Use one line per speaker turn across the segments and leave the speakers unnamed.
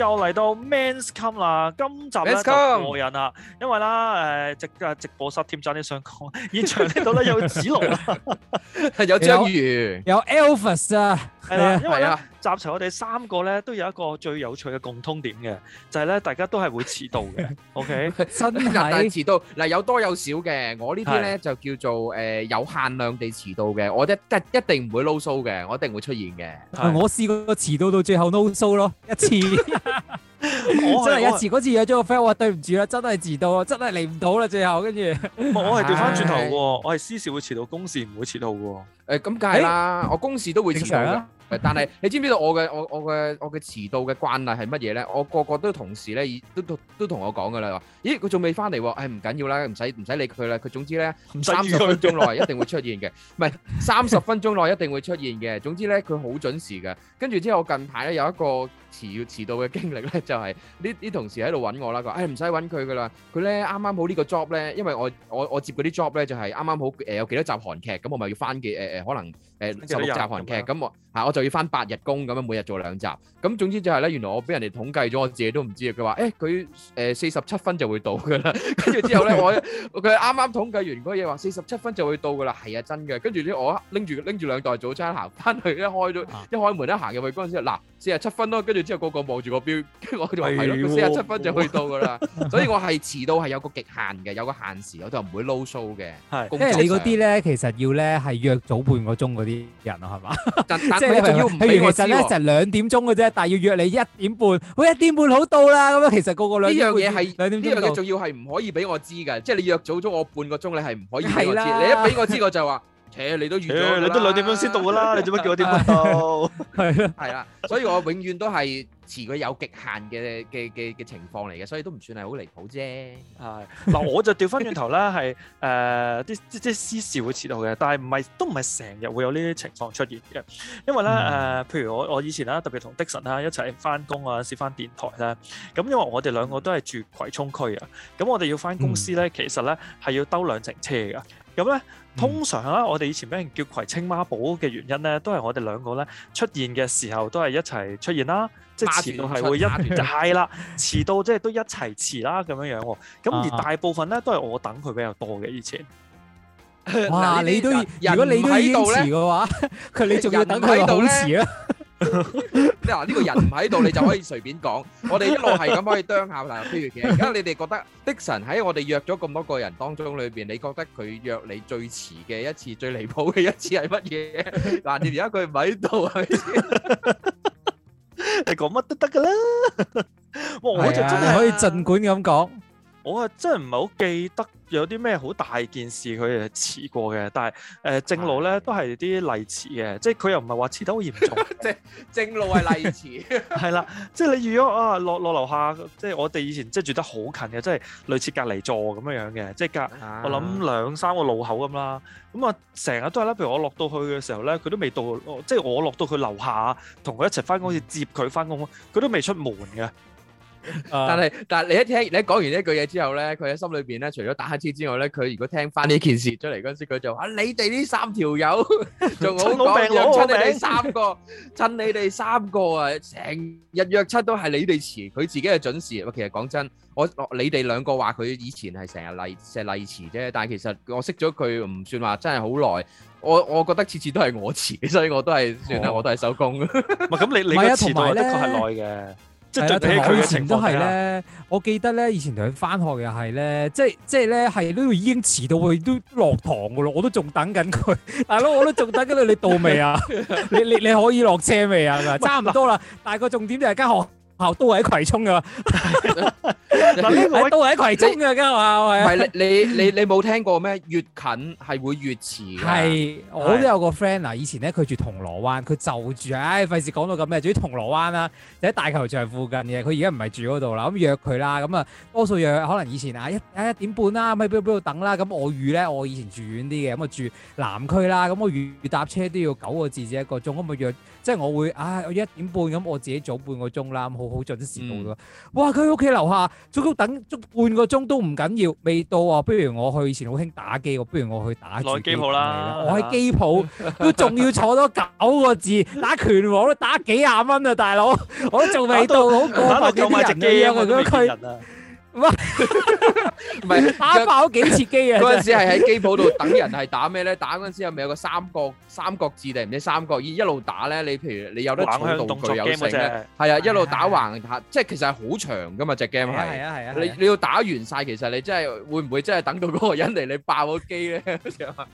又嚟到 Men's Come 啦，今集咧就過癮啦，因為啦誒直誒直播室添，真係想講，現場呢度咧有紫龍，有章魚，
有 Alvis 啊，係啦，因為
集齊我哋三個咧，都有一個最有趣嘅共通點嘅，
就係咧大家都係會遲到嘅，OK，真係遲到，嗱有多有少嘅，我呢啲咧就叫做誒有限量地遲到嘅，我一一定唔會 no show 嘅，我一定會出現嘅。我
試過遲到到最後 no show 咯，一次。我真係一次，嗰次約咗個 friend，我話對唔住啦，真係遲到啊，真係嚟唔到啦最後，跟住我係
調翻轉頭嘅，我係私事會遲到，公事唔會遲到嘅。
誒，咁梗係啦，我公事都會正常嘅。誒，但係你知唔知道我嘅我我嘅我嘅遲到嘅慣例係乜嘢咧？我個個都同事咧，都都都同我講噶啦，話咦佢仲未翻嚟喎？誒唔緊要啦，唔使唔使理佢啦。佢總之咧，三十分鐘內一定會出現嘅，唔係三十分鐘內一定會出現嘅。總之咧，佢好準時嘅。跟住之後，我近排咧有一個。遲遲到嘅經歷咧，就係呢啲同事喺度揾我啦，佢話誒唔使揾佢噶啦，佢咧啱啱好個呢個 job 咧，因為我我我接嗰啲 job 咧就係啱啱好誒、呃、有幾多集韓劇，咁我咪要翻嘅誒誒可能誒六集韓劇，咁我嚇我就要翻、呃呃嗯嗯、八日工咁樣，每日做兩集，咁總之就係咧，原來我俾人哋統計咗，我自己都唔知嘅，佢話誒佢誒四十七分就會到噶啦，跟住之後咧 我佢啱啱統計完嗰嘢話四十七分就會到噶啦，係啊真嘅，跟住咧我拎住拎住兩袋早餐行翻去，一開咗、啊、一開門一行入去嗰陣時，嗱四十七分咯，跟住。之後個個望住個表，跟住我仲話係咯，四十七分就去到噶啦，所以我係遲到係有個極限嘅，有個限時，我就唔會撈數嘅。係，即係你嗰啲
咧，其實要咧係約早半個鐘嗰啲人啊，係嘛？
即係譬如譬如其實咧就
兩點鐘嘅啫，但係要約你一點半，好一點半好到啦。咁樣其實個個兩呢樣嘢係兩點呢樣嘢仲
要係唔可以俾我知嘅，即係你約早咗我半個鐘，你係唔可以俾我知。你一俾我知，我就話。誒，你都預咗啦，你都兩點鐘先到噶啦，你做乜叫我點到？係啊，係啦，所以我永遠都係遲佢有極限嘅嘅嘅嘅情況嚟嘅，所以都唔算係好離譜啫。係嗱，我就調翻轉頭啦，係誒
啲即即私事會遲到嘅，但係唔係都唔係成日會有呢啲情況出現嘅，因為咧誒，譬如我我以前咧特別同迪神啊一齊翻工啊，試翻電台咧，咁因為我哋兩個都係住葵涌區啊，咁我哋要翻公司咧，其實咧係要兜兩程車噶。咁咧，通常啊，我哋以前俾人叫葵青孖寶嘅原因咧，都係我哋兩個咧出現嘅時候都係一齊出現啦，即係遲到係會一係、嗯、啦，遲到即係都一齊遲啦咁樣樣。咁而大部分咧都係我等佢比較多嘅以前。
嗱，你都如果你都喺度遲嘅話，佢你仲要等佢好遲啊？ 你話呢個人唔喺度，你就可以隨便講。我哋一路係咁可以哚下嗱。譬如，而家你哋覺得 Tiksan 喺我哋約咗咁多個人當中裏邊，你覺得佢約你最遲嘅一次、最離譜嘅一次係乜嘢？嗱， 你而家佢唔喺度，你講乜都得噶啦。
我
就喜、啊、可以儘管咁講。
我啊，真係唔係好記得有啲咩好大件事佢係遲過嘅，但係誒，正路咧都係啲例遲嘅，即係佢又唔係話遲得好
嚴重， 即係正路係例遲。
係啦，即係你如果啊落落樓下，即係我哋以前即係住得好近嘅，即係類似隔離座咁樣樣嘅，即係隔我諗兩三個路口咁啦。咁啊成日都係啦，譬如我落到去嘅時候咧，佢都未到，即係我落到去
樓下，同佢一齊翻工，好似接佢翻工，佢都未出門嘅。但係，但係你一聽，你一講完呢句嘢之後咧，佢喺心裏邊咧，除咗打乞嗤之外咧，佢如果聽翻呢件事出嚟嗰陣時，佢就話：你哋呢三條友仲好講，約親你哋三個，趁你哋三個啊，成日約親都係你哋遲，佢自己係準時。其實講真，我你哋兩個話佢以前係成日例石例遲啫，但係其實我識咗佢唔算話真係好耐，我我覺得次次都係我遲，所以我都係算啦我都係收工。唔係咁，你你個遲到的確係耐嘅。即係佢以前都係咧，
下我記得咧，以前同佢翻學又係咧，即係即係咧，係、就是、呢度已經遲到，佢都落堂噶咯，我都仲等緊佢，大 佬、啊、我都仲等緊你， 你，你到未啊？你你你可以落車未啊？ 差唔多啦，但係個重點就係間學。都係喺葵涌噶，
嗱都係喺葵涌噶
間學校係。你你 你冇
聽過咩？越近係會越遲。係我都有個
friend 啊，以前咧佢住銅鑼灣，佢就住啊，唉、哎，費事講到咁咩？至於銅鑼灣啦，就喺大球場附近嘅。佢而家唔係住嗰度啦，咁約佢啦，咁啊，多數約可能以前啊一喺一點半啦，咁喺邊度等啦。咁我預咧，我以前住遠啲嘅，咁啊住南區啦，咁我預搭車都要九個字至個，至一個鐘，咁咪約。即係我會，唉、哎，我一點半咁，我自己早半個鐘啦，好好準時到咯。嗯、哇，佢喺屋企樓下，足足等足半個鐘都唔緊要，未到啊。不如我去以前好興打機喎，我不如我去打機機，來機鋪啦，我喺機鋪都仲要坐多九個字，打拳王都 打，打幾廿蚊啊，大佬，我都仲未到， 都好過分。打到夠啊，佢區哇！唔係打爆幾次機啊？嗰陣時係喺機鋪度等啲人
係打咩咧？打嗰陣時係咪有個三角三角字定唔知三角？依一路打咧，你譬如你有得搶道具又剩咧，係啊一路打橫下，即係其實係好長㗎嘛隻 game 係。係啊係啊！你你要打完曬，其實你真係會唔會真係等到嗰個人嚟你爆咗機咧？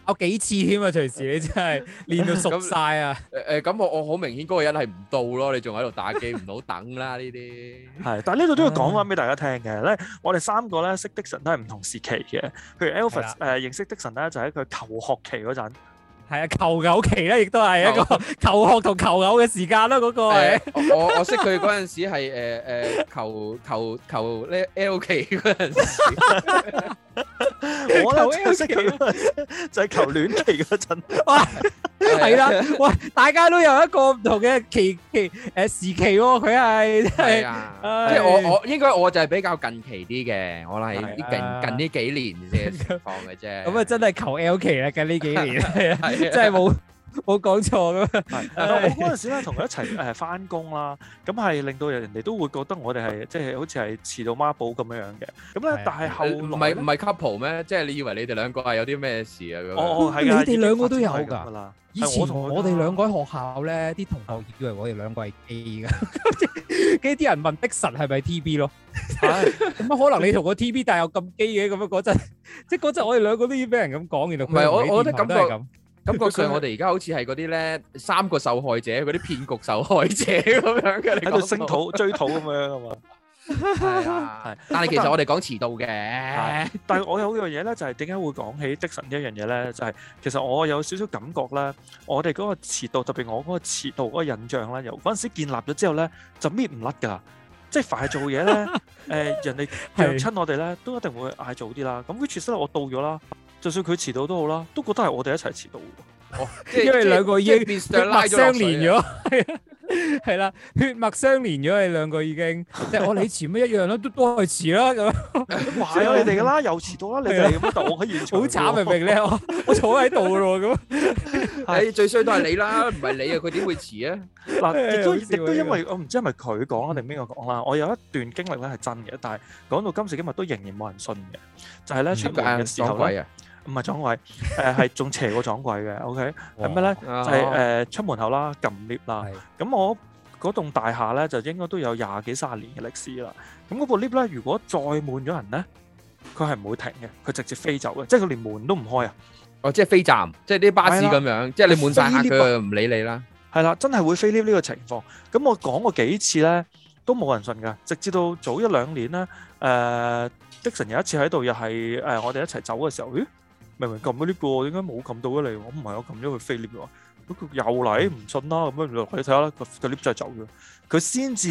我幾次添啊！隨時你真係練到熟曬啊！誒誒，咁我我好明顯嗰個人係唔到咯，你仲喺度打機唔好等啦呢啲。
係，但係呢度都要講翻俾大家聽嘅咧。我哋三個咧識 Tiksan 都係唔同時期嘅，譬如 Alvis 誒、啊呃、認識 Tiksan 咧就喺、是、佢求學期嗰陣，係啊求偶期咧亦都係求一個求學
同求偶嘅時間啦嗰、那個係、呃，我我,我識佢嗰陣時係誒、呃、求求求呢 L 期嗰陣時， 我咧識佢就係求戀期嗰陣。
係啦，喂， 大家都有一
個唔同嘅期期誒時期佢、哦、係、啊哎、即係即係我我應
該我就係比較近期啲嘅，我係近、啊、近呢幾年先放嘅啫。咁啊，真係求 L 期啦！近呢幾年係 啊， 真係冇。 冇講錯咁
啊！我嗰陣時咧同佢一齊誒翻工啦，咁係令到人哋都會覺得我哋係即係好似係
遲到孖寶咁樣樣嘅。
咁
咧，的但
係後唔係唔係 couple 咩？即係你以為你哋兩個係有啲咩事啊？哦哦，哦你哋兩個都有㗎。
以前我哋兩個喺學校咧，啲同學以為我哋兩個係 gay 噶。跟住，啲人問的神係咪 TB 咯？咁 可能你同個 TB 但有咁基嘅咁樣嗰陣，即係嗰陣我哋兩個都要俾人
咁講，原來唔係我我的感覺。感覺上我哋而家好似係嗰啲咧三個受害者，嗰啲騙局受害者咁樣嘅，喺度聲討 追討咁樣係嘛？係 啊，係。但係其實我哋講遲到嘅、啊，但係我有樣嘢咧，就係點解會講起
的神呢一樣嘢咧？就係、是、其實我有少少感覺咧，我哋嗰個遲到，特別我嗰個遲到嗰個印象咧，由嗰陣時建立咗之後咧，就搣唔甩㗎。即、就、係、是、凡係做嘢咧，誒 人哋養親我哋咧， 都一定會嗌早啲啦。咁佢 h i 我到咗啦。就算佢遲到都好啦，都覺得係我哋一齊遲到。哦，因為兩個已經相連
咗，係啊，啦，血脈相連咗，你兩個已經即係我你遲乜一樣啦，都都係遲啦咁。壞咗你哋噶啦，
又遲到啦，你就
咁坐喺現場，好
慘，明唔明咧？我坐喺度咯咁。係最衰都係你啦，唔係你啊，佢點會遲啊？嗱，亦都亦都因為
我唔知係咪佢講啦定邊個講啦？我有一段經歷咧係真嘅，但係講到今時今日都仍然冇人信嘅，就係咧出門嘅時候咧。唔係裝櫃，誒係仲邪過裝櫃嘅，OK 係咩咧？就係誒出門口啦，撳 lift 啦。咁我嗰棟大廈咧，就應該都有廿幾三十年嘅歷史啦。咁嗰部 lift 咧，如果再滿咗人咧，佢係唔會停嘅，佢直接飛走嘅，即係佢連門都唔開啊！哦，即係飛站，即係啲巴士咁樣，即係你滿曬客佢唔理你啦。係啦，真係會飛 lift 呢個情況。咁我講過幾次咧，都冇人信噶。直至到早一兩年咧，誒 Tiksan 有一次喺度又係誒我哋一齊走嘅時候，咦？明明撳咗呢個，點解冇撳到呢？你我唔係，我撳咗佢飛 lift、嗯、不過又嚟，唔信啦咁樣，你睇下啦，個 lift 就走嘅，佢先至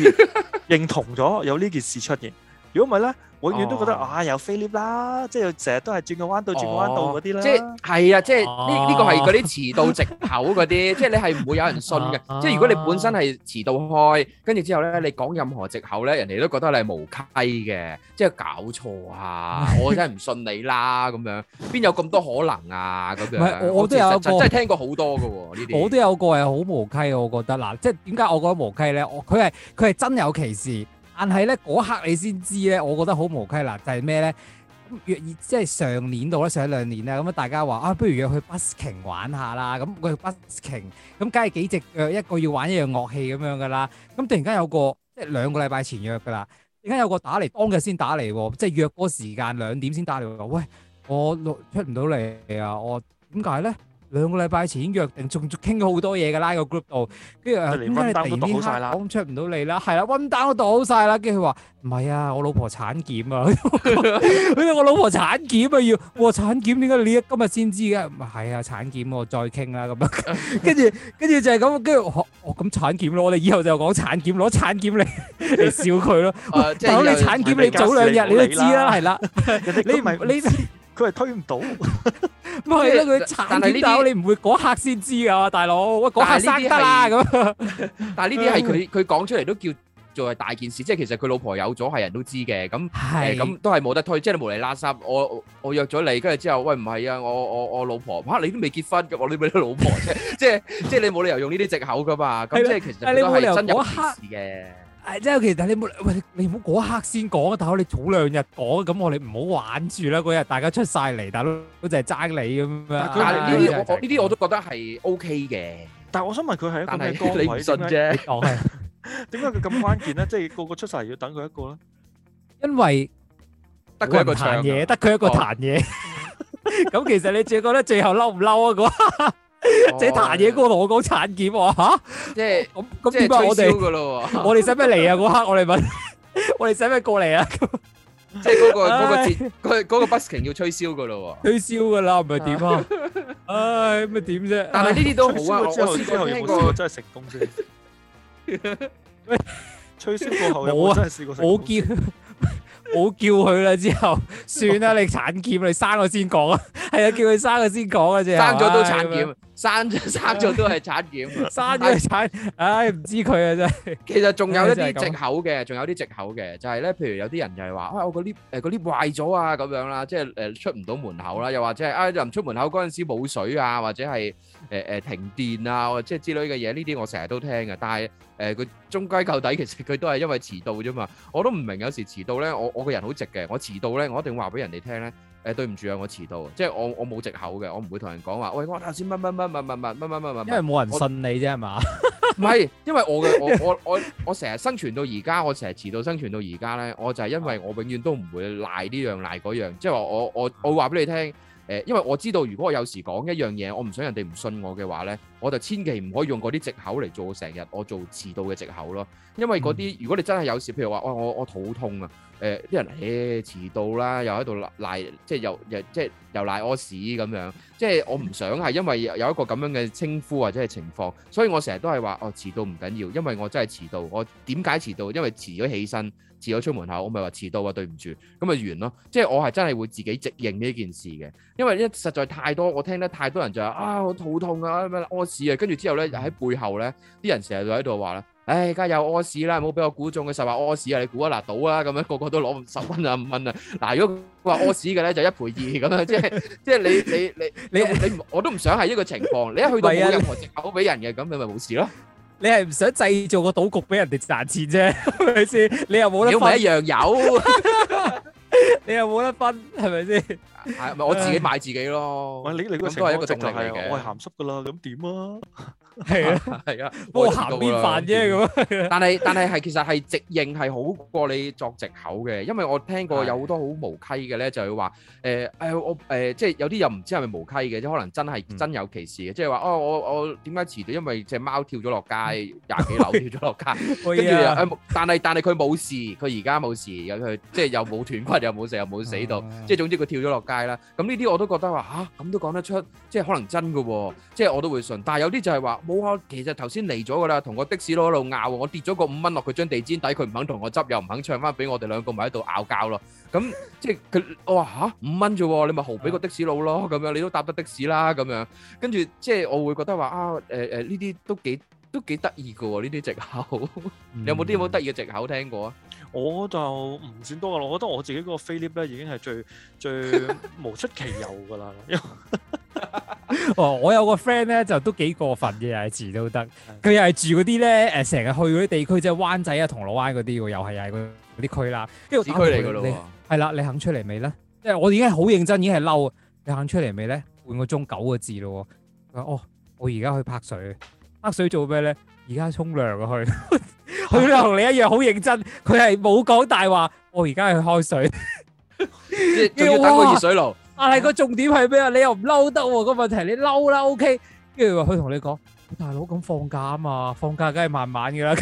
認同咗有呢件事出現。如果唔係咧，永遠都覺得啊，又飛 lift 啦，即係成日都係轉個彎道、轉個彎道嗰啲啦。即
係係啊，即係呢呢個係嗰啲遲到藉口嗰啲，即係你係唔會有人信嘅。即係如果你本身係遲到開，跟住之後咧，你講任何藉口咧，人哋都覺得你係無稽嘅，即係搞錯啊！我真係唔信你啦，咁樣邊有咁多可能啊？咁樣唔係，我我都有個，真係聽過好多㗎喎呢啲。我都
有個係好無稽，我覺得嗱，即係點解我覺得無稽咧？我，佢係佢係真有其事。但係咧，嗰刻你先知咧，我覺得好無稽嗱，就係咩咧？咁約即係上年度咧，上一兩年咧，咁啊大家話啊，不如約去 busking 玩下啦。咁我去 busking，咁梗係幾隻腳一個要玩一樣樂器咁樣噶啦。咁突然間有個即係兩個禮拜前約噶啦，點解有個打嚟當日先打嚟喎？即係約嗰個時間兩點先打嚟，喂，我出唔到嚟啊！我點解咧？兩個禮拜前已經約定，仲傾咗好多嘢㗎啦，喺個 group 度，跟住點解你突然間講出唔到嚟啦？係啦，溫單我都倒晒啦，跟住佢話唔係啊，我老婆產檢啊，佢 我老婆產檢啊要，我產檢點解你今日先知嘅？唔係啊，產檢我、啊、再傾啦咁樣，跟住跟住就係咁，跟住咁產檢咯，我哋以後就講產檢，攞產檢嚟嚟笑佢、哎、咯。等、啊、你產檢，是是你，你早兩日你都知啦，係啦，
你唔你。你你你佢係推
唔到， 咁係咯佢呢度，你
唔會嗰刻先知噶嘛，大佬，嗰刻生得啦咁。但係呢啲係佢佢講出嚟都叫做係大件事，即係其實佢老婆有咗係人都知嘅，咁咁是、呃、都係冇得推，即係你無理垃圾。我我約咗你，跟住之後，喂唔係啊，我我我老婆，哇你都未結婚，我你咪你老婆啫， 即係即係你冇理由用呢啲藉口噶嘛。咁 即係其實都係真有件事嘅。
誒，即係其實你冇，喂，你唔好嗰一刻先講，大佬你早兩日講，咁我哋唔好玩住啦。嗰日大家出曬嚟，大佬都就係爭你咁樣。但係呢啲我，我呢
啲我都覺得係 OK 嘅。但係我想問佢係一個咩歌位先咧？
我係
點解佢咁關鍵咧？即係個個出曬要等佢一個咧？因為得佢一個彈嘢，得佢一個彈嘢。咁其實
你自己覺得最後嬲唔嬲啊？嗰？即係彈嘢哥同我講產檢啊吓，
即係咁咁點我哋
我哋使咩嚟啊？嗰刻我哋問，我哋使咩過嚟啊？
即係嗰個嗰個節嗰個 busking 要吹簫噶咯喎，
吹簫噶啦唔
係點啊？唉咁咪點啫？但係呢啲都好啊，吹簫過後有冇試過真係成功
先？
吹簫過後我真係試過成功？冇
見。冇叫佢啦，之後算啦，你產檢你生咗先講啊，係 啊，叫佢
生咗先講啊，啫。生咗都產檢，哎、生咗生咗都係產檢，是生咗係產，唉、哎、唔知佢啊啫，其實仲有一啲藉口嘅，仲有啲藉口嘅，就係、是、咧，譬如有啲人就係、哎、話，唉、呃，我個 lift 壞咗啊，咁樣啦，即係誒、呃、出唔到門口啦，又或者係啊，就、呃、唔出門口嗰陣時冇水、呃呃、啊，或者係誒誒停電啊，即係之類嘅嘢，呢啲我成日都聽嘅，但係。誒佢、呃、終歸究底，其實佢都係因為遲到啫嘛！我都唔明有時遲到咧，我我個人好直嘅，我遲到咧，我一定話俾人哋聽咧。誒、呃、對唔住啊，我遲到，即係我我冇藉口嘅，我唔會同人講話，喂，我頭先乜乜乜乜乜乜乜乜乜乜，因為冇人信你啫係嘛？唔係，因為我嘅我我我我成日生存到而家，我成日遲到生存到而家咧，我就係因為我永遠都唔會賴呢樣賴嗰樣，即係話我我我話俾你聽。誒，因為我知道如果我有時講一樣嘢，我唔想人哋唔信我嘅話咧，我就千祈唔可以用嗰啲藉口嚟做成日我做遲到嘅藉口咯。因為嗰啲，如果你真係有時，譬如話，哇，我我，我肚痛啊，誒、呃，啲人誒、欸、遲到啦，又喺度賴，即係又又即係又賴屙屎咁樣，即係我唔想係因為有一個咁樣嘅稱呼或者係情況，所以我成日都係話，哦，遲到唔緊要，因為我真係遲到，我點解遲到？因為遲咗起身。遲咗出門口，我咪話遲到啊，對唔住，咁咪完咯。即係我係真係會自己直認呢件事嘅，因為呢實在太多，我聽得太多人就話啊，我肚痛啊，咩屙屎啊，跟住之後咧又喺背後咧啲人成日就喺度話啦，唉，梗係有屙屎啦，唔好俾我估中嘅。」實話屙屎啊，你估啊嗱到啊咁樣，個個都攞十蚊啊五蚊啊。嗱，如果話屙屎嘅咧就一倍二咁樣，即係即係你你你你你，你我都唔想係呢個情況。你一去到冇任何借口俾人嘅，咁你咪冇事咯。你係唔想製造個賭局俾人哋賺錢啫，係咪先？你又冇得分一樣有，
你又冇得分，係咪先？
係 咪 我自己買自
己咯？咁係、哎、一個能力嚟嘅、啊，我係鹹濕噶啦，咁點啊？ 係啊，係
啊，我鹹邊飯啫咁樣！哇但係是但係係其實係直認係好過你作藉口嘅，因為我聽過有好多好無稽嘅咧，就係話誒誒我誒、呃、即係有啲又唔知係咪無稽嘅，即可能真係、嗯、真有其事嘅，即係話哦我我點解遲到？因為隻貓跳咗落街廿 幾樓跳咗落街，跟住但係但係佢冇事，佢而家冇事，佢即係又冇斷骨， 又冇成，又冇死到， 即係總之佢跳咗落街啦。咁呢啲我都覺得話吓咁都講得出，即係可能真㗎喎，即係我都會信。但係有啲就係話。冇啊，其實頭先嚟咗㗎喇，同個的士佬喺度拗，我跌咗個五蚊落佢張地氈底，佢唔肯同我執，又唔肯唱翻俾我哋兩個埋喺度拗交咯。咁即係佢，我話五蚊啫喎，你咪豪俾個的士佬咯，咁樣你都搭得的士啦，咁樣跟住即係我會覺得話啊，誒誒呢啲都幾。都幾得意噶喎，呢啲藉口。嗯、有冇啲咁得意嘅藉口聽過啊？我就唔
算多噶啦，我覺得我自己嗰個飛 lift 咧已經係最最無出其右噶啦。
哦，我有個 friend 咧就都幾過分嘅又字都得，佢又係住嗰啲咧誒，成日去嗰啲地區，即係灣仔啊、銅鑼灣嗰啲，又係又係嗰啲區啦。跟住市區嚟噶咯喎，係啦，你肯出嚟未咧？即係我已經好認真，已經係嬲你肯出嚟未咧？半個鐘九個字咯喎、哦，哦，我而家去拍水，泊水，泊水泊。開水做咩咧？而家沖涼啊！佢佢同你一樣好認真，佢係冇講大話。我而家係去開水，
仲要打個熱水爐。
但係個重點係咩啊？你又唔嬲得喎？個問題你嬲啦，OK。跟住話佢同你講。大佬，咁放假啊嘛，放假梗係慢慢噶啦。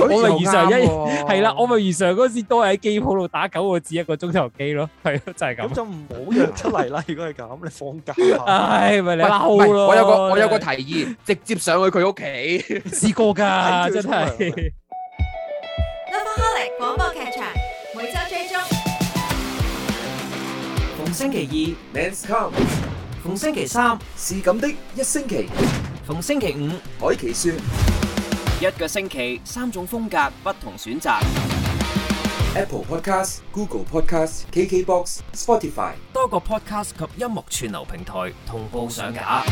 我咪如常一係啦，我咪如常嗰時都係喺機鋪度打九個字一個鐘頭機咯。係咯，就係咁。咁就
唔好約出嚟啦。如果
係咁，你放假。唉，咪你嬲咯。我有個我有個提議，
直接上去佢屋企試過噶，真係。
Lovaholic 廣播劇場每周追
蹤，
逢星期二 Men's Come，逢星期三是咁的一星期。逢星期五，海琪說：一個星期三種風格，不同選擇。Apple Podcast、
Google Podcast、KKBox、Spotify
多個 podcast 及音樂串流平台同步上架。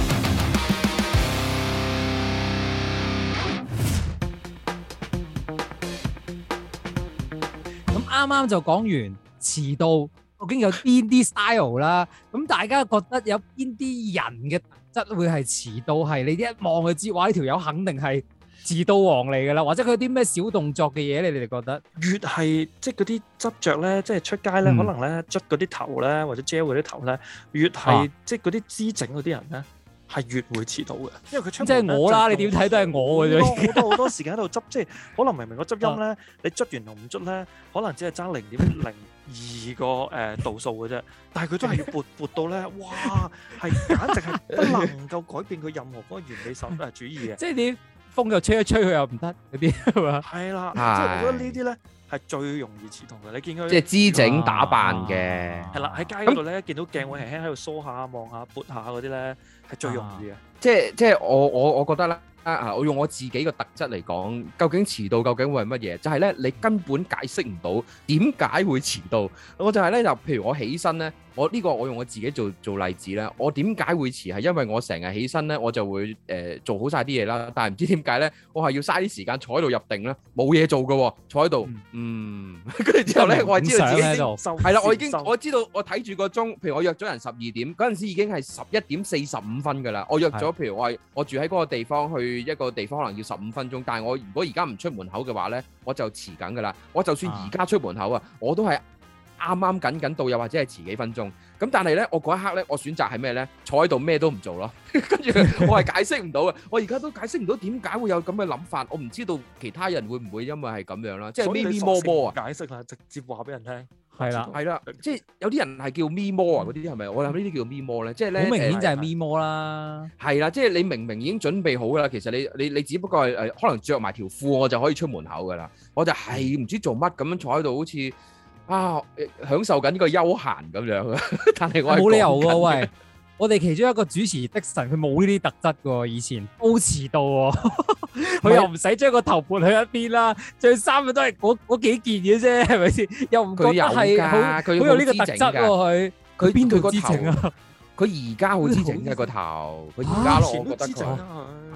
咁啱啱就講完遲到究竟有邊啲 style 啦？咁 大家覺得有邊啲人嘅？質會係遲到係，你一望佢知，哇！呢條友肯定係遲
到王嚟㗎啦，或者佢有啲咩小動作嘅嘢，你哋覺得？越係即係嗰啲執着咧，即係出街咧，嗯、可能咧捽嗰啲頭咧，或者遮嗰啲頭咧，越係、啊、即係嗰啲姿整嗰啲人咧，係越會遲到嘅。因為佢出街即係我，我啦，你點睇都係我嘅、嗯。好 多好多時間喺度執，即係可能明明個執音咧，啊、你捽完同唔捽咧，可能只係爭零點零。二個誒度數嘅啫，但係佢都係要撥撥到咧，哇係簡直係不能夠改變佢任何嗰個完美十誒主義嘅，即係你
風又吹一吹佢
又唔得嗰啲係嘛？係啦，即係我覺
得呢啲咧係最容易切同嘅，你見佢即係姿整打
扮嘅
係啦，喺街嗰度咧見到鏡會輕輕喺度梳下望下撥下嗰啲咧係最容易嘅，即
係即係我我我覺得咧。啊！我用我自己嘅特質嚟講，究竟遲到究竟會係乜嘢？就係呢，你根本解釋唔到點解會遲到。我就係呢，就譬如我起身呢。我呢個我用我自己做做例子啦，我點解會遲？係因為我成日起身咧，我就會誒、呃、做好晒啲嘢啦。但係唔知點解咧，我係要嘥啲時間坐喺度入定啦，冇嘢做嘅喎，坐喺度，嗯。跟住、嗯、之後咧，我係知道自己先收。係啦，我已經 我知道我睇住個鐘，譬如我約咗人十二點，嗰陣時已經係十一點四十五分嘅啦。我約咗的譬如我係我住喺嗰個地方去一個地方可能要十五分鐘，但係我如果而家唔出門口嘅話咧，我就遲緊嘅啦。我就算而家出門口啊，我都係。啱啱緊緊到又或者係遲幾分鐘，咁但係咧，我嗰一刻咧，我選擇係咩咧？坐喺度咩都唔做咯，跟住我係解釋唔到呀。我而家都解釋唔到點解會有咁嘅諗法，我唔知道其他人會唔會因為係咁樣啦，即係咪咪摸摸啊？解釋下，直接話俾人聽，係啦，係啦，即係有啲人係叫咪摸啊？嗰啲係咪？我諗呢啲叫做咪摸咧？即係咧，好明顯就係咪摸啦，係啦，即係你明明已經準備好噶啦，其實你你你只不過係誒可能著埋條褲，我就可以出門口噶啦，我就係唔知做乜咁樣坐喺度，好似～啊！享受緊個悠閒咁樣，但係我冇理由噶喂，我哋其中
一個主持 Tiksan，佢冇呢啲特質噶，以前都遲到，
佢又唔使
將個頭盤去一邊啦，着衫嘅都係嗰嗰幾件嘅啫，係咪先？又唔覺得佢好有呢個特質？佢
佢邊度個頭啊？佢而家好知
整嘅個頭，佢而家咯，我覺得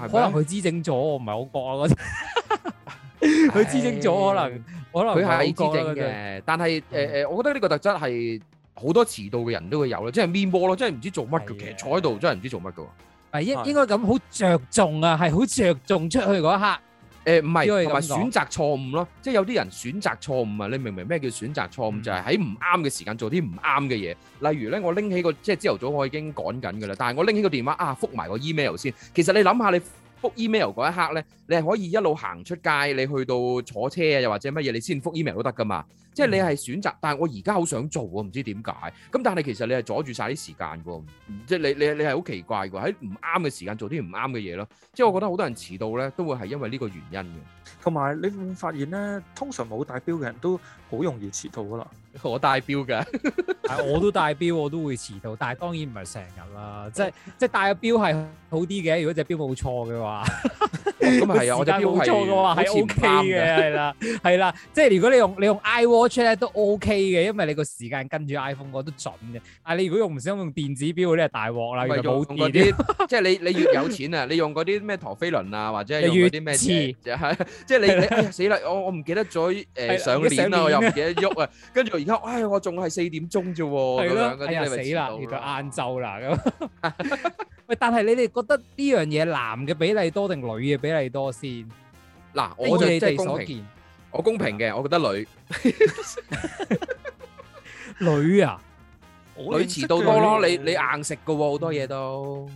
可能佢知整咗，我唔係好覺啊，
佢知整咗可能。佢係指正嘅，但係誒誒，我覺得呢個特質係好多遲到嘅人都會有咯，即係面波咯，即係唔知做乜嘅，其實坐喺度真係唔知做乜嘅。係應應該咁好着重啊，係好着重出去嗰一刻。誒唔係，同埋選擇錯誤咯，即係有啲人選擇錯誤啊，你明唔明咩叫選擇錯誤？就係喺唔啱嘅時間做啲唔啱嘅嘢。例如咧，我拎起個即係朝頭早我已經趕緊㗎喇，但係我拎起個電話啊，覆埋個 email 先。其實你諗下你。覆 email 嗰一刻咧，你係可以一路行出街，你去到坐車啊，又或者乜嘢，你先覆 email 都得噶嘛。即係你係選擇，但係我而家好想做喎，唔知點解咁。但係其實你係阻住晒啲時間喎，即係你你你係好奇怪喎，喺唔啱嘅時間做啲唔啱嘅嘢咯。即係我覺得好多人遲到咧，都會係因為呢個原因嘅。同埋你會發現咧，通常冇帶表嘅人都好容易遲到噶啦 。
我帶表㗎，我都帶表，我都會遲到，但係當然唔係成日啦。即係即係帶個表係好啲嘅，如果隻表冇錯嘅話。
咁係啊，隻錶
冇錯嘅話係 OK 嘅，係啦，係啦，即係如果你用你用 iWatch 咧都 OK 嘅，因為你個時間跟住 iPhone 個都準嘅。但你如果用唔小心用電子錶嗰啲係大鑊啦，如果用啲，
即係你你越有錢啊，你用嗰啲咩陀飛輪啊，或者係用嗰啲咩，你即係你你死啦！我我唔記得咗誒上鍊啊，我又唔記得喐啊，跟住而家唉我仲係四點鐘啫喎，係咯，死啦，你叫晏晝啦咁。
喂，但係你哋覺得呢樣嘢男嘅比例多定女嘅比例多先？
嗱，我哋所見，我公平嘅，我覺得女
女啊，女遲到多咯。你你
硬食㗎喎，好多嘢都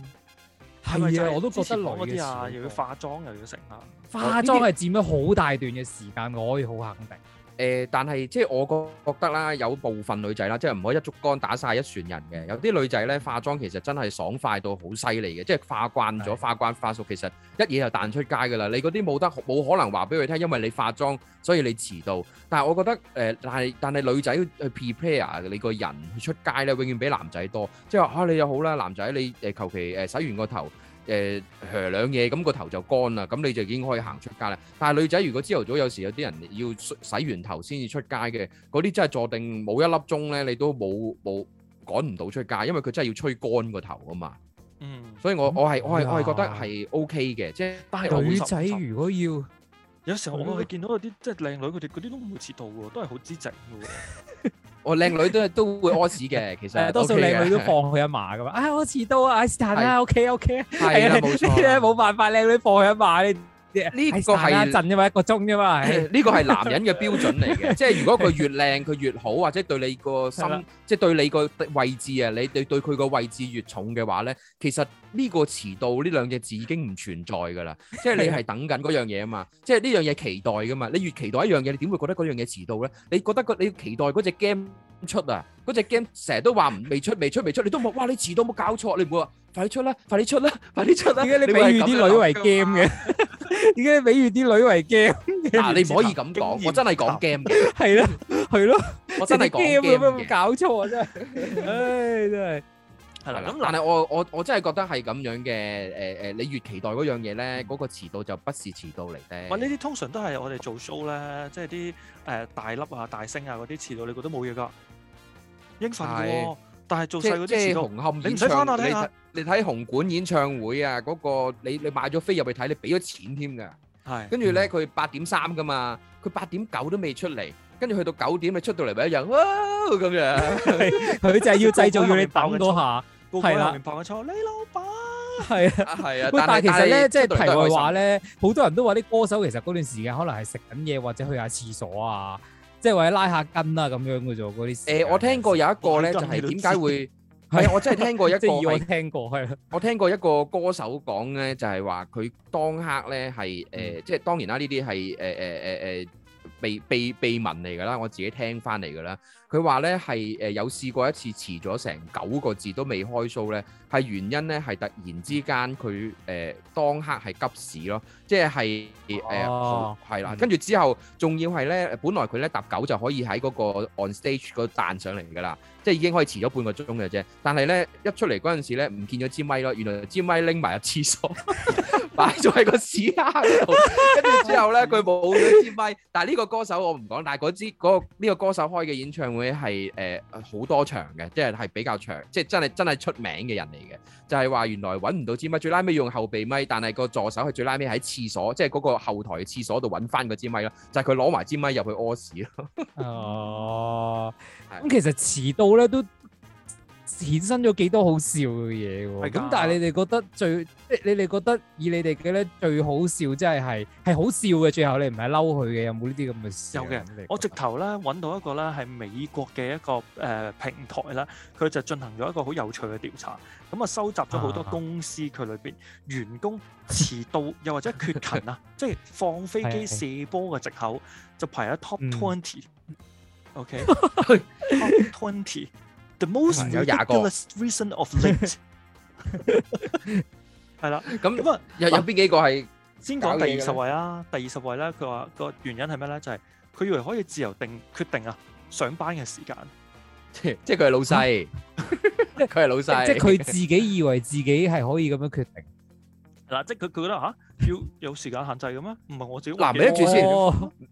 係啊！我都覺得女啲啊，又要化妝又要食啊。化妝係
佔咗好大段嘅時間，我可以好肯定。
誒，但係即係我覺覺得啦，有部分女仔啦，即係唔可以一竹竿打晒一船人嘅。有啲女仔咧，化妝其實真係爽快到好犀利嘅，即係化慣咗、的化慣化熟，其實一嘢就彈出街噶啦。你嗰啲冇得冇可能話俾佢聽，因為你化妝所以你遲到。但係我覺得誒、呃，但係但係女仔去 prepare 你個人去出街咧，永遠比男仔多。即係話嚇你又好啦，男仔你誒求其誒洗完個頭。誒，呵、呃、兩嘢咁個頭就乾啦，咁你就已經可以行出街啦。但係女仔如果朝頭早有時有啲人要洗完頭先至出街嘅，嗰啲真係坐定冇一粒鐘咧，你都冇冇趕唔到出街，因為佢真係要吹乾個頭啊嘛。嗯，所以我我係我係我係覺得係 O K 嘅，即係。
但係女仔如果要
有時候我會見到有啲即係靚女佢哋嗰啲都唔會遲到嘅，都係好知靜嘅
我靚女都都會屙屎嘅，其實 多數靚女都放佢一馬㗎嘛。啊、 哎！我遲到啊
，stan 啦，OK OK，係啊，冇錯，冇辦法，靚女放佢一馬。呢個係一陣啫嘛，一個鐘啫嘛。
呢個係男人嘅標準嚟嘅，即係如果佢越靚，佢越好，或者對你個心，即係對你個位置啊，你對對佢個位置越重嘅話咧，其實呢個遲到呢兩隻字已經唔存在㗎啦。即係你係等緊嗰樣嘢啊嘛，即係呢樣嘢期待㗎嘛。你越期待一樣嘢，你點會覺得嗰樣嘢遲到咧？你覺得個你期待嗰隻 game？出啊！嗰隻 game 成日都話唔未出，未出，未出，你都冇。哇！你遲到冇搞錯，你唔會話快啲出啦，快啲出啦，快啲出啦！而家你比喻啲女為 game 嘅，而家你比喻啲女為 game。嗱，你唔可以咁講，我真係講 game 嘅。係咯，係咯，我真係講 game 嘅。
搞錯啊！
真係，唉，真係。係啦，咁但係我我我真係覺得係咁樣嘅。誒誒，你越期待嗰樣嘢咧，嗰個遲到就不是遲到嚟嘅。哇！
呢啲通常都係我哋做 show 啦，即係啲誒大粒啊、大聲啊嗰啲遲到，你覺得冇嘢
噶。英、哦、但係做細嗰啲時你、啊，你唔使翻啊！睇你睇紅館演唱會啊，嗰、嗰個你你買咗飛入去睇，你俾咗錢添㗎。係，跟住咧佢八點三嘅嘛，佢八點九都未出嚟，跟住去到九點咪出到嚟咪一樣哇咁、哦、樣。
佢就係要製造要你等多下，係啦。
後你老闆。
係啊係啊。但係其實咧，即係題外話咧，好多人都話啲歌手其實嗰段時間可能係食緊嘢或者去下廁所啊。即係或者拉下筋啦咁樣嘅啫，
啲事、呃。我聽過有一個咧，就係點解會係我真係聽過一個， 以我聽過係我聽過一個歌手講咧，就係話佢當刻咧係誒，即係當然啦，呢啲係誒誒誒誒祕祕祕聞嚟㗎啦，我自己聽翻嚟㗎啦。佢話咧係誒有試過一次遲咗成九個字都未開 show 咧，係原因咧係突然之間佢誒當刻係急屎咯，即係誒係啦。跟住之後仲要係咧，本來佢咧搭九就可以喺嗰 on stage 度彈上嚟噶啦，即係已經可以遲咗半個鐘嘅啫。但係咧一出嚟嗰陣時咧唔見咗支咪咯，原來支咪拎埋入廁所，擺咗喺個屎坑度。跟住之後咧佢冇咗支咪，但係呢個歌手我唔講，但係支個呢個歌手開嘅演唱會。佢係誒好多場嘅，即係係比較長，即係真係真係出名嘅人嚟嘅。就係話原來揾唔到支咪，最拉尾用後備咪，但係個助手佢最拉尾喺廁所，即係嗰個後台嘅廁所度揾翻嗰支咪咯。就係佢攞埋支咪入去屙屎咯。
哦，咁其實遲到咧都。衍生咗幾多好笑嘅嘢喎？係咁，但係你哋覺得最即係你哋覺得以你哋嘅咧最好笑，即係係係好笑嘅最後，你唔係嬲佢嘅，有冇呢啲咁嘅？有嘅。
我直頭咧揾到一個咧係美國嘅一個誒平台啦，佢就進行咗一個好有趣嘅調查，咁啊收集咗好多公司佢裏邊員工遲到又或者缺勤啊，即係放飛機射波嘅藉口，就排喺 top twenty。OK，top twenty。The most ridiculous reason of late，係啦。咁又有邊幾個係？先講第二十位啊！第二十位咧，佢話個原因係咩咧？就係、是、佢以為可以自由定決定啊上班嘅時間， 即係佢係老細，佢係老細， 即係佢自己
以為自己
係可以咁樣決定。
嗱， 即係佢佢覺得吓、啊，要有時間限制嘅咩？唔係我自己。呃」
男嘅住先。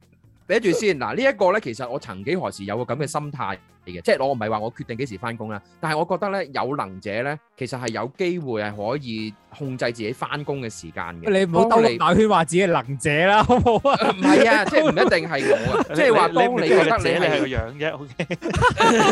畀住先，嗱呢一個咧，其實我曾幾何時有個咁嘅心態嚟嘅，即係我唔係話我決定幾時翻工啦，但係我覺得咧，有能者咧，其實係有機會係可以控制自己翻工嘅時間嘅。你唔好兜嚟大圈
話自己能者啦，
好唔好啊？唔係啊，即係唔一定係我，即係話你覺得你係個樣啫。O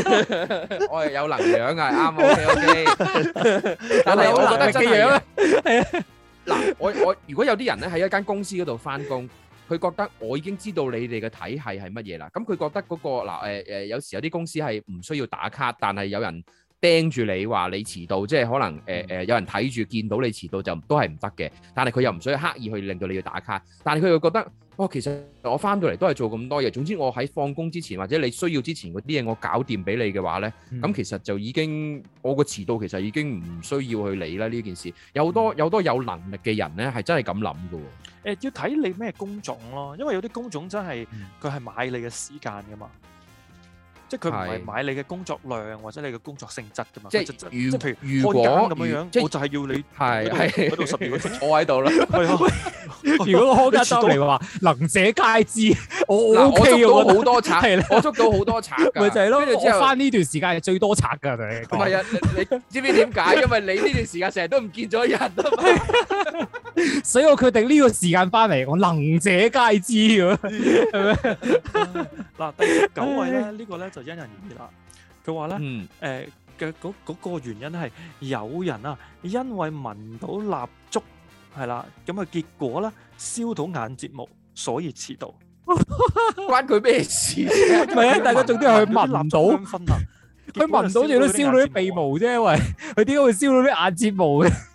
K，我係有能量啊，啱啊。O K，但係我覺得係樣啊。係啊，嗱，我我如果有啲人咧喺一間公司嗰度翻工。佢覺得我已經知道你哋嘅體系係乜嘢啦，咁佢覺得嗰個、呃、有時有啲公司係唔需要打卡，但係有人，盯住你話你遲到，即係可能誒誒、呃呃，有人睇住見到你遲到就都係唔得嘅。但係佢又唔需要刻意去令到你要打卡，但係佢又覺得，我、哦、其實我翻到嚟都係做咁多嘢。總之我喺放工之前或者你需要之前嗰啲嘢，我搞掂俾你嘅話咧，咁、嗯、其實就已經我個遲到其實已經唔需要去理啦呢件事。有好多有多有能力嘅人咧，係真係咁諗噶。
誒、呃，要睇你咩工種咯，因為有啲工種真係佢係買你嘅時間噶嘛。佢唔係買你嘅工作量或者你嘅工作性質㗎嘛？即係如，譬如，如果咁樣樣，我就係要你係喺度十。如果坐喺度啦，
如果開家生嚟嘅話，能者皆知，我 OK 嘅，我捉到好多賊，我捉到好多賊，咪就係咯。跟住之後，返呢段時間係最多賊㗎，同你講。係
啊！你知唔知點解？因為你呢段時間成日都唔見咗人。
所以我決定呢個時間翻嚟，我能者
皆知咁。嗱 嗎， 第九位咧，這個、呢個咧就因人而異啦。佢話咧，誒嘅嗰嗰個原因係有人啊，因為聞到蠟燭係啦，咁啊結果咧燒到眼睫毛，所以遲到。
關佢咩事？唔係啊，大家
重點係聞到。
佢聞到亦都燒到啲鼻毛啫，因為佢點解會燒到啲眼睫毛嘅？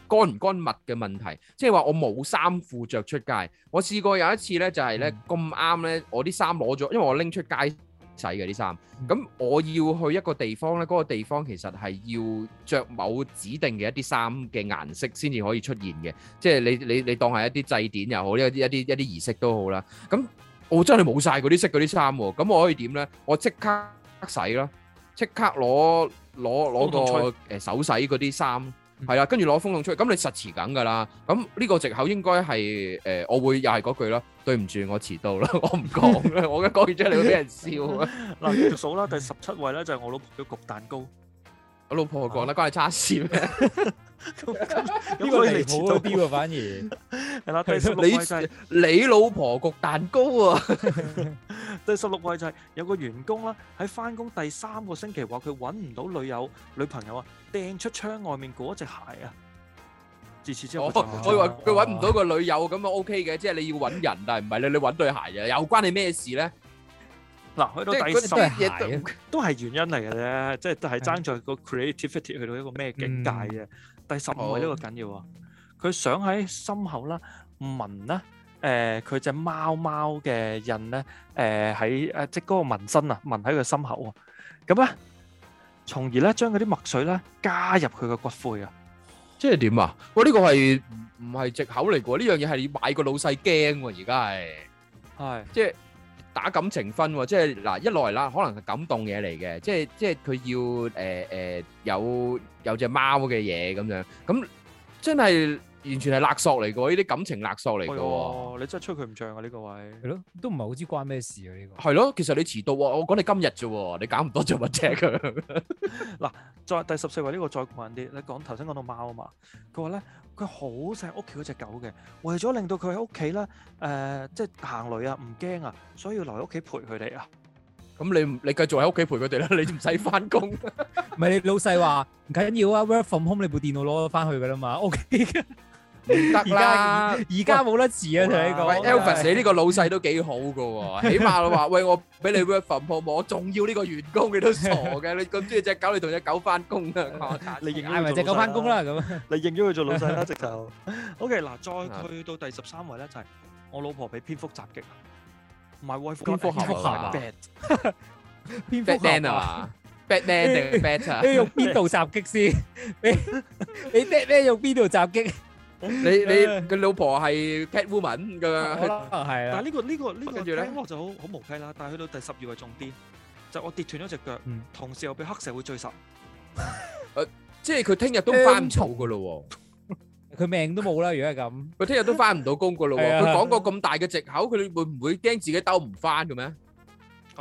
乾唔幹物嘅問題，即係話我冇衫褲著出街。我試過有一次呢，就係呢咁啱呢，我啲衫攞咗，因為我拎出街洗嘅啲衫。咁我要去一個地方呢，嗰個地方其實係要著某指定嘅一啲衫嘅顏色先至可以出現嘅。即係你你你當係一啲祭典又好，一啲一啲一啲儀式都好啦。咁我真係冇晒嗰啲色嗰啲衫喎。咁我可以點呢？我即刻洗囉，即刻攞攞攞個誒手洗嗰啲衫。係啦，跟住攞風筒出嚟，咁你實遲緊噶啦。咁呢個藉口應該係誒、呃，我會又係嗰句啦。對唔住，我遲到啦，我唔講啦， 我一講完之後，你會俾人笑啊。嗱，繼續
數啦，第十七位咧就係我老婆要焗蛋糕。我老婆
講啦，關你叉事咩？
呢個嚟，好咗啲喎，
反而係啦。第十六位就係你，你老婆焗蛋糕啊！第十六
位就係有個員工啦，喺翻工第三個星期話佢搵唔到女友女朋友啊，掟出窗外面嗰隻鞋啊！
自此之後，我以為佢搵唔到個女友咁啊，OK 嘅，即係你要搵人但係唔係你，你搵對鞋啊？又關你咩事咧？嗱，即係嗰啲都係鞋
都係原因嚟嘅啫，即係都係爭在個 creativity 去到一個咩境界嘅。第十位呢個緊要，佢想喺心口啦，紋啦，誒，佢隻貓貓嘅印咧，誒，喺誒，即嗰個紋身啊，紋喺佢心口啊，咁咧，從而咧將嗰啲墨水咧
加入佢嘅骨灰啊，即係點啊？喂呢個係唔係藉口嚟嘅？呢樣嘢係你買個老細驚，而家係係即係。打感情分喎，即係嗱一來啦，可能係感動嘢嚟嘅，即係即係佢要誒誒、呃呃、有有隻貓嘅嘢咁樣，咁真係。完全係勒索嚟嘅喎，呢啲感情勒索嚟嘅喎。
你真係吹佢唔脹啊！呢個位係咯，都唔係好知關咩事啊！呢
個係咯，其實你遲到喎，我講你今日啫喎，你搞唔多做乜啫？嗱，再第十
四位呢個再狂啲，你講頭先講到貓啊嘛，佢話咧佢好錫屋企嗰隻狗嘅，為咗令到佢喺屋企咧，誒即係行雷啊唔驚啊，所以要留喺屋企陪佢哋啊。
咁你你繼續喺屋企陪佢哋啦，你唔使翻工。
唔係你老細話
唔緊要啊，work from home 你部電腦攞翻去㗎啦嘛，OK。
唔得啦！而家冇得治啊！同你講，Elvis，你呢個老細都幾好噶，起碼話喂我俾你 work from home，我仲要呢個員工，你都傻嘅。你咁中意隻狗，你同隻狗翻工啊？你認埋隻狗翻工
啦，咁。你認咗佢做老細啦，直頭。
O K，嗱，再去
到第十三位咧，就係我老婆俾蝙蝠襲擊。唔係，蝙蝠俠啊？Batman 啊？Batman 定 bat 啊？你用邊度襲
擊
先？
你你用邊度襲擊？
Oh，你你
佢老婆係 cat woman 㗎嘛？係啦，係啦、這個這個。但係呢
個呢個呢個跟住咧，就好好無稽啦。但係去到第十二日重癲，就我跌斷咗隻腳，mm。同時又俾黑社會追殺。誒、 呃，
即係佢
聽日都翻唔到嘅咯喎，佢天同 命都冇啦。如果係咁，
佢聽日都翻唔到工嘅咯喎。佢 講過咁大嘅藉口，佢會唔會驚自己兜唔翻嘅咩？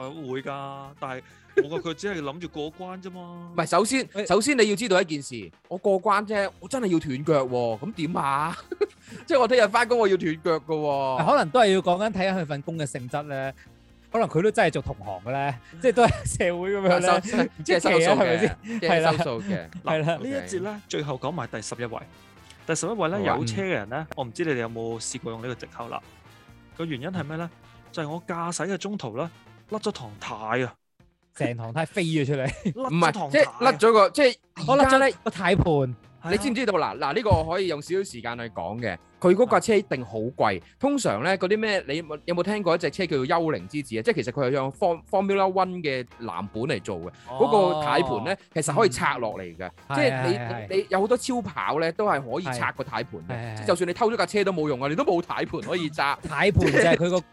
都會噶，但係我覺得佢只係諗住過關啫嘛。唔係，首先首先你要知道一件事，我過關啫，我真係要斷腳咁點啊？即係我聽日翻工，我要斷腳噶。可能都係要講緊睇下佢份工嘅性質咧，可能佢都真係
做同行嘅咧，即係都係社會咁樣咧，即係收數係咪先？係啦，收數嘅係啦。呢一節咧，
最後講埋第十一位，第十一位咧有車嘅人咧，我唔知你哋有冇試過用呢個藉口啦？個原因係咩咧？就係我駕駛嘅中途啦。甩
咗堂太啊！成堂太飛咗出嚟，唔係即係甩咗個即係、就是、我甩咗個軚盤。啊、你知唔知道嗱嗱呢個可以用少少時間去講嘅？佢嗰架車一定好貴。通常咧嗰啲咩，你有冇聽過一隻車叫做幽靈之子啊？即係其實佢係用 Formula One 嘅藍本嚟做嘅。嗰、哦、個軚盤咧，其實可以拆落嚟嘅。嗯、即係你、啊、你有好多超跑咧，都係可以拆個軚盤嘅。啊、就算你偷咗架車都冇用啊！你都冇軚盤可以揸。軚 盤就係佢個。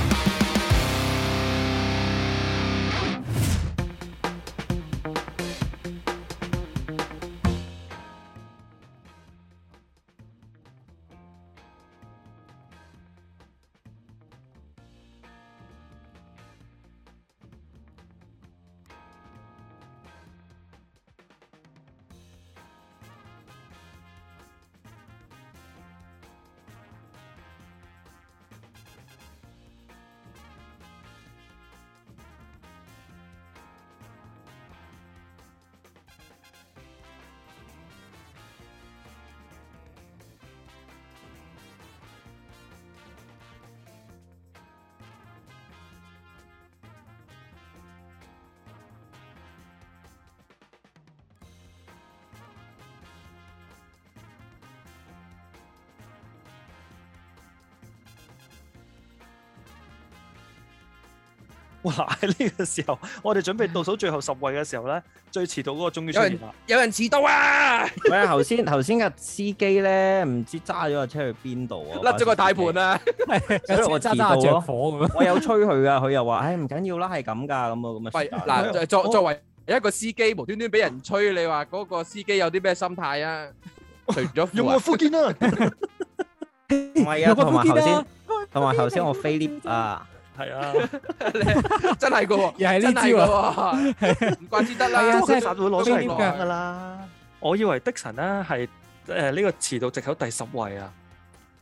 哇！喺呢個時候，我哋準備倒數最後十位嘅時候咧，最遲到嗰個終於出現啦！有人遲到啊！
喂啊，頭先頭先嘅司機咧，唔知揸咗個車去邊度啊？甩咗個大盤
啊！所以我遲到咯。
我有吹佢噶，佢又話，唉，唔緊要啦，係咁噶，咁啊，咁啊。嗱，作
作為一個司機，無端端俾人吹，你話嗰個司機有啲咩心態啊？
除咗用我福建啦，係啊，同埋頭先，同埋頭先我飛 lift 啊！係啊， 真係噶，又係呢招啊，唔
怪之得啦，我會攞出嚟噶
啦。我以、 嗯、為 Tiksan
咧係誒呢個遲到藉口第十位啊，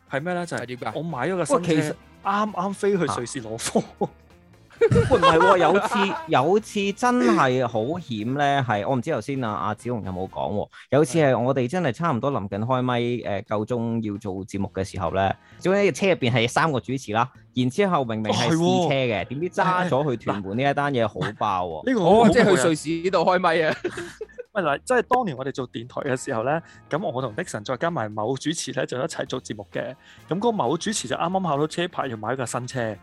係咩咧？就係點解我買咗個新車，啱啱飛去瑞士攞貨、啊。
唔係、 哦，有次有次真係好險咧，係 我唔知頭先啊，阿紫龍有冇講？有次係我哋真係差唔多臨近開咪誒，夠鐘要做節目嘅時候咧，總之車入邊係三個主持啦，然之後明明係試車嘅，點、哎、呀知揸咗去屯門呢一單嘢好爆喎、啊！呢個、哎、呀 哦，好即係去瑞士呢度開咪啊！ 即係當年我哋做電台嘅時候咧，
咁我同 Tiksan 再加埋某主持咧，就一齊做節目嘅。咁、那、嗰個某主持就啱啱考到車牌，要買架新車。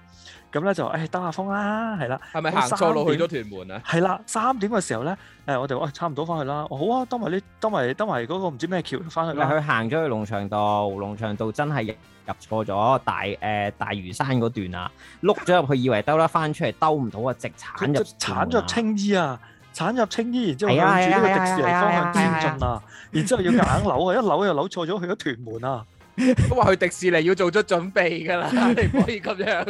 咁咧就誒，兜、哎、下風啦、啊，係啦。係咪行錯路點去咗屯門啊？係啦，三點嘅時候咧，誒，我哋話、哎、差唔多翻去啦。好啊，兜埋你，兜埋，兜埋嗰個唔
知咩橋翻去啦。佢行咗去龍翔道，龍翔道真係入錯咗大誒、呃、大嶼山嗰段啊，碌咗入去以為兜啦，翻出嚟兜唔到啊，直鏟入，鏟咗青衣啊！剷入青衣，然之後向住呢個迪士尼方向前進啊！然之後要硬
扭啊，一扭又扭錯咗，去咗屯門啊！都話去迪士尼要做足準備㗎啦，你唔可以咁樣。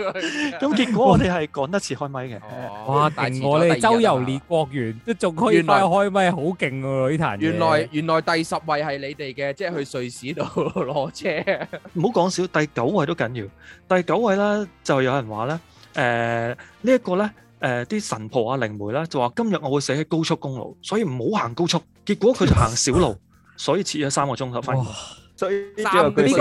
咁結果我哋係趕得切開咪嘅。哇！我哋周遊
列國完，
都仲
可以開
咪，好勁喎呢壇。原來
原來第十位係你哋嘅，即係去瑞士度攞車。
唔好講笑，第九位都緊要。第九位啦，就有人話咧，誒呢一個咧。誒啲、呃、神婆啊、靈媒啦，就話今日我會死喺高速公路，所以唔好行高速。結果佢就行小路， 所以遲咗三個鐘頭翻。哇！所以呢個
合理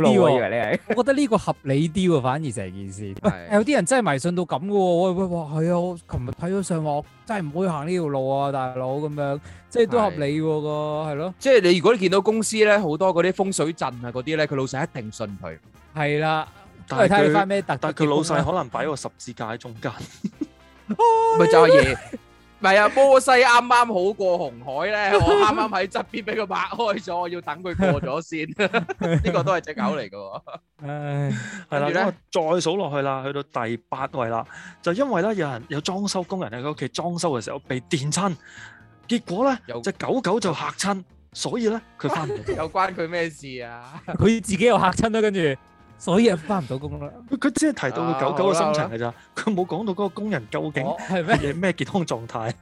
啲喎，我，你 我覺得呢個合理啲喎，反而成件事。是哎、有啲人真係迷信到咁嘅喎，喂喂喂，啊、哎！琴日睇咗上網，真
係唔可以行呢條路啊，大佬咁
樣，即係都合理喎，係咯是。
即係你如果你見到公司咧好多嗰啲風水陣啊嗰啲咧，佢老細一定信佢。係啦，你睇翻咩特？ 但係佢老細可能擺個十字架喺中間。 咪就係嘢，唔係啊！波西啱啱好過紅海咧，我啱啱喺側邊俾佢拍開咗，我要等佢過咗先。呢個都係隻狗嚟噶。唉，係啦，
再數落去啦，去到第八位啦，就因為咧有人有裝修工人喺佢屋企裝修嘅時候被電親，結果咧有隻狗狗就吓親，所以咧佢翻嚟，
又關佢咩事啊？佢
自己又吓親啦，跟住。所以又翻唔到工啦。佢佢只係提到個狗狗嘅心情嘅咋，佢冇講到嗰個工人究竟係咩嘢咩健康狀態。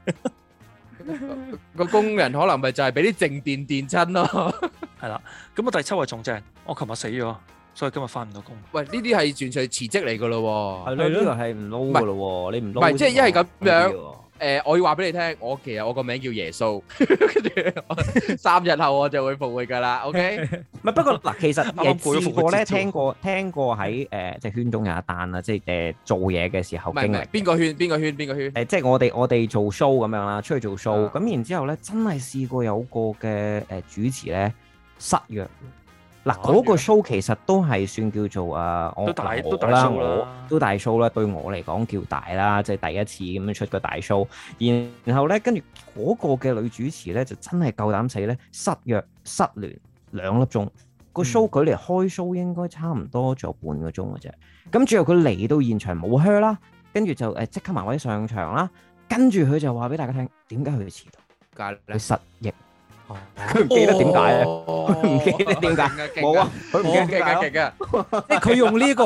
個工人可能咪就係俾啲靜電電親咯。
係啦，咁啊第七位仲正，我琴日死咗，所以今日翻唔到工。喂，
呢啲係完全係辭職嚟噶咯，係咯，呢度係
唔撈噶咯，你唔撈。唔係即係一係
咁樣。誒、呃，我要話俾你聽，我其實我個名叫耶穌，跟 住三日後我就會復
活噶啦，OK？唔 不，不過嗱，其實、呃、 剛剛我諗過咧，聽過聽過喺誒即係圈中有一單啦，即係誒、呃、做嘢嘅時候經歷邊個圈？邊個圈？邊個圈？誒、呃，即係我哋我哋做 show 咁樣啦，出去做 show 咁， 然之後咧真係試過有個嘅誒主持咧失約。嗱，嗰個 show 其實都係算叫做啊，都大我，我啦，都大啦我都大 show 啦，對我嚟講叫大啦，即、就、係、是、第一次咁樣出個大 show。然後咧，跟住嗰個嘅女主持咧，就真係夠膽死咧，失約失聯兩粒鐘。個鐘、嗯、那 show 佢嚟開 show 應該差唔多做半個鐘嘅啫。咁、嗯、最、嗯、後佢嚟到現場冇靴啦，跟住就誒即刻埋位上場啦。跟住佢就話俾大家聽，點解佢遲到？佢失約。嗯佢唔記得點解啊？
佢唔記得點解啊？冇啊！佢唔記得點解？極噶，即係佢用呢個，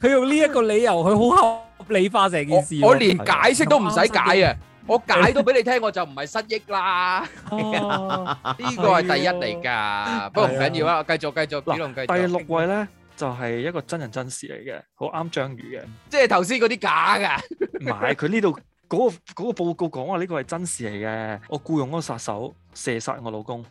佢用呢一個理由，去好合理化成件事。我連解釋都唔使解啊！
我解到俾你聽，我就唔係失憶啦。呢個係第一嚟噶，不過唔緊要啦，我繼續繼續。嗱，第六
位咧就係一個真人真事嚟嘅，好啱章魚
嘅，即係頭先嗰啲假噶。唔係，
佢呢度。嗰、那個嗰、那個、報告講話呢個係真事嚟嘅，我僱用嗰個殺手射殺我老公，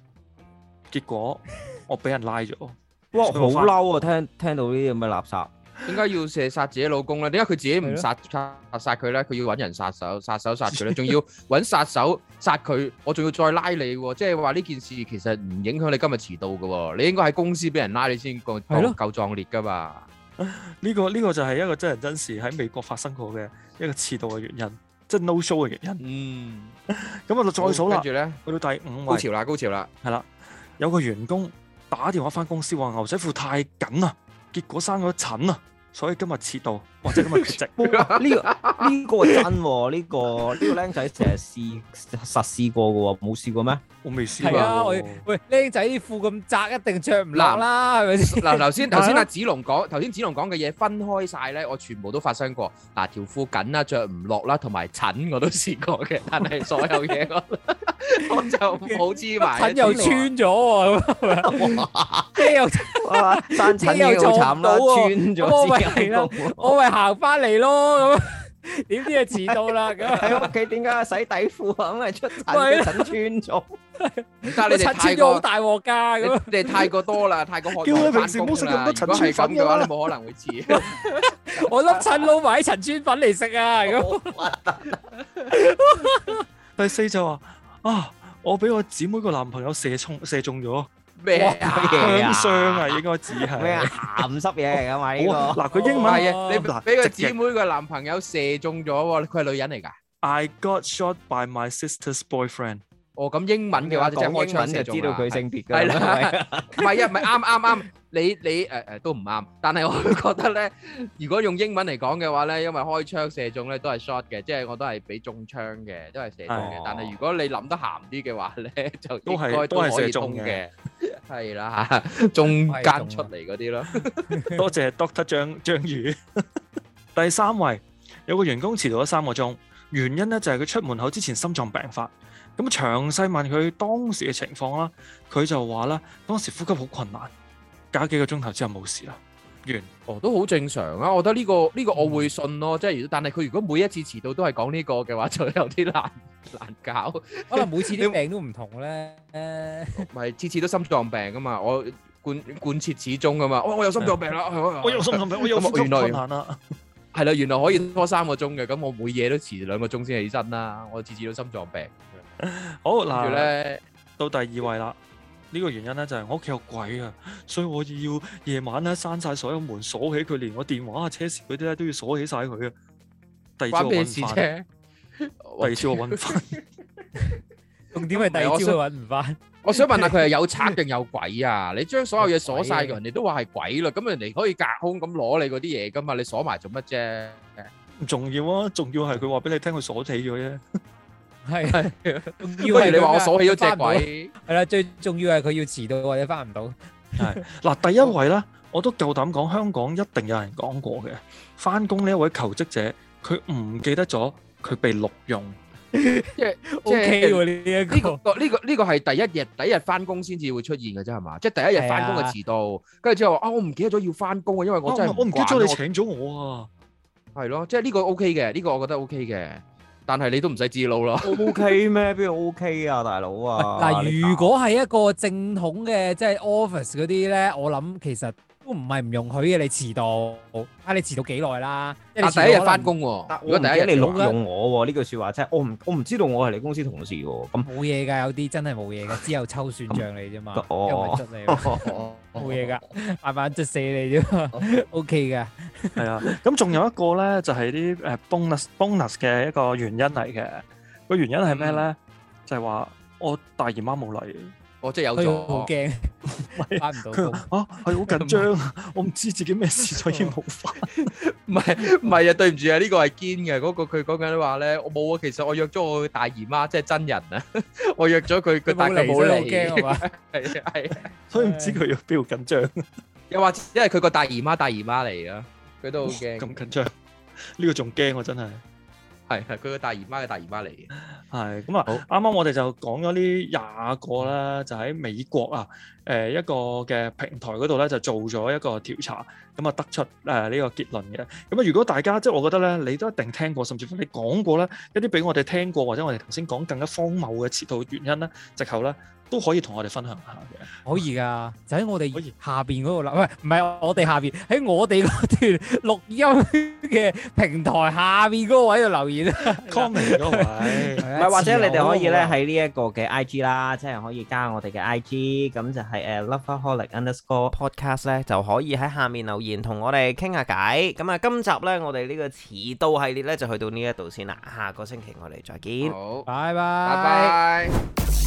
結
果我俾人拉咗。 哇！好嬲啊，
聽聽到呢啲咁嘅垃圾，
點解要射殺自己老公咧？點解佢自己唔殺的殺殺佢咧？佢要搵人殺手，殺手殺佢咧，仲 要搵殺手殺佢，我仲要再拉你喎、啊。即係話呢件事其實唔影響你今日遲到嘅、啊，你應該喺公司俾人拉你先夠夠的夠壯烈㗎嘛。呢、 這
個呢、這個就係一個真人真人事喺美國發生過嘅一個遲到嘅原因。即 no show 嘅原因。嗯，咁我就再數啦了。跟住咧，去到第五位高潮啦，高潮啦，係啦，有個員工打電話返公司話牛仔褲太緊啦，結果生咗疹啊，
所以今日遲到。即咁樣食？呢個呢個係真喎，呢個呢個僆仔成日試實試過嘅喎，冇試過咩？我未試。係啊，喂
僆仔褲咁窄，一定著唔落啦，係咪先？嗱，頭先頭先阿
紫龍講，頭先紫龍講嘅嘢分開曬咧，我全部都發生過。嗱，條褲緊啦，著唔落啦，同埋襯我都試過嘅，但係所有嘢
我我就冇黐埋，襯又穿
咗喎，
即又生襯嘢好慘啦，穿咗自己係個
我咪。行翻嚟咯，咁點知啊，遲到啦？咁喺屋企點解
洗底褲啊？咁啊出陳陳
村咗，但係你哋太過大
鑊噶，咁你哋太過多啦，太過好翻工啦。叫你平時唔好食咁多陳村粉嘅話，都冇可能會遲。我粒陳撈埋啲陳村粉嚟食啊！
咁第四就話啊，我俾我姊妹個男朋友射中射中咗。
咩啊？香香
啊，應該只係咩麼啊？鹹濕嘢嚟噶嘛？呢個嗱，佢英文係你俾個姊妹
個男朋友射中咗喎，佢係 女人嚟㗎。I got shot by my sister's boyfriend. 哦，咁英文嘅話就即係開槍射中，就知道佢性別，係啦，唔係啊，唔係啱啱啱，你你誒誒都唔啱，但係我覺得咧，如果用英文嚟講嘅話咧，因為開槍射中咧都係 shot 嘅，即係我都係俾中槍嘅，都係射中嘅。但係如果你諗得鹹啲嘅話咧，就都係都係射中嘅，係啦，
中間出嚟嗰啲咯。多謝 Doctor 章章魚。第三位有個員工遲到咗三個鐘，原因咧就係佢出門口之前心臟病發。咁詳細問佢當時嘅情況啦，佢就話啦，
當時呼吸好困難，隔幾個鐘頭之後冇事啦。完，哦，都好正常啊，我覺得呢個呢個我會信咯。即係如果但係佢如果每一次遲到都係講呢個嘅話，就有啲難難搞，可能 每次啲病都唔同咧。誒你，咪次 次都心臟病噶嘛，我貫貫徹始終噶嘛。我有心臟病啦， 我有心臟病， 我有呼吸 困難啦。係啦， 原來可以多三個鐘嘅，咁我每夜都遲兩個鐘先起身啦。我次次都心臟病。好嗱，到第二位啦。呢個原因
咧就係我屋企有鬼啊，所以我要夜晚咧閂晒所有門，鎖起佢，連我電話啊、車匙嗰啲咧都要鎖起晒佢啊。第二次搵翻，第
二次我搵翻。
重點係第二次搵唔翻。我想問下佢係有賊定有鬼啊？你將所有嘢鎖晒，人哋都話係鬼咯。咁人哋可以隔空咁攞你嗰啲嘢噶嘛？你鎖埋做乜啫？唔
重要啊，重要係佢話俾你聽佢鎖死咗啫。
係係， 不如你話我鎖起咗隻鬼。
係啦，最重要係佢要遲到或者翻唔到。係 嗱，第一位啦，我都夠膽講，香港一定有人講過嘅。翻工呢一位求職者，佢唔記得咗佢被錄用。
即係 OK 嘅的呢、這個呢、這個呢、這個係、這個這個、第一日第一日翻工先至會出現嘅啫係嘛，即係、就是、第一日翻工就遲到，跟住的之後啊我唔記得咗要翻工啊，因為我真係唔、啊、記得咗你請咗我 啊。係咯，即係呢個 OK 嘅，呢、這個我覺得 OK 嘅。但係你都唔使知路
啦、okay 嗎。OK 咩？邊度 OK 啊，大佬啊！嗱，如
果係一個正統嘅，即係 office 嗰啲咧，我諗其實。都唔係唔容許嘅，你遲到。啊，你遲到幾耐啦？阿仔又翻工喎。如果第一日你錄用我，呢句說話真係我唔我唔知道，我係你公司同事喎。咁冇嘢噶，有啲真係冇嘢噶，只有抽算賬你啫嘛，因為捽你，
冇嘢噶，慢慢捽死你啫 O K 噶。係啊，咁仲有一個咧，就係啲誒 bonus bonus 嘅一個原因嚟嘅。個原因係咩咧？就係話我大姨媽冇嚟。我
真係有咗，好驚，
翻唔到。佢啊，係好緊張，我唔知自己咩事，所以冇翻。
唔係唔係啊，對唔住啊，呢個係堅嘅。嗰個佢講緊都話咧，我冇啊。其實我約咗我大姨媽，即係真人啊！我約咗佢，佢但係佢冇嚟。
所以唔知佢有邊度緊張。
又或因係佢個大姨媽大姨媽嚟啊，佢都好驚。咁緊張？呢個仲驚我真係。係係，佢個大姨媽嘅大姨媽嚟
嘅。係咁啊，啱啱好我哋就講咗呢廿個啦，就喺美國啊，誒、呃、一個嘅平台嗰度咧就做咗一個調查，咁啊得出誒呢、呃這個結論嘅。咁啊，如果大家即係我覺得咧，你都一定聽過，甚至乎你講過咧，一啲比我哋聽過或者我哋頭先講更加荒謬嘅遲到原因咧，藉口咧。都可以同我哋分享下嘅，可以噶，就喺我哋下邊嗰度啦，唔係唔係我哋下邊，喺我哋嗰段錄
音嘅平台下邊嗰個位度留言啊，comment 嗰位，唔係或者你哋可以咧喺呢一個嘅 IG 啦，即係可以加我哋嘅 IG，咁就係誒 Lovaholic UnderScore Podcast 咧，就可以喺下面留言同我哋傾下偈。咁啊，今集咧我哋呢個遲到系列咧就去到呢一度先啦，下個星期我哋再見，好，拜拜，拜拜。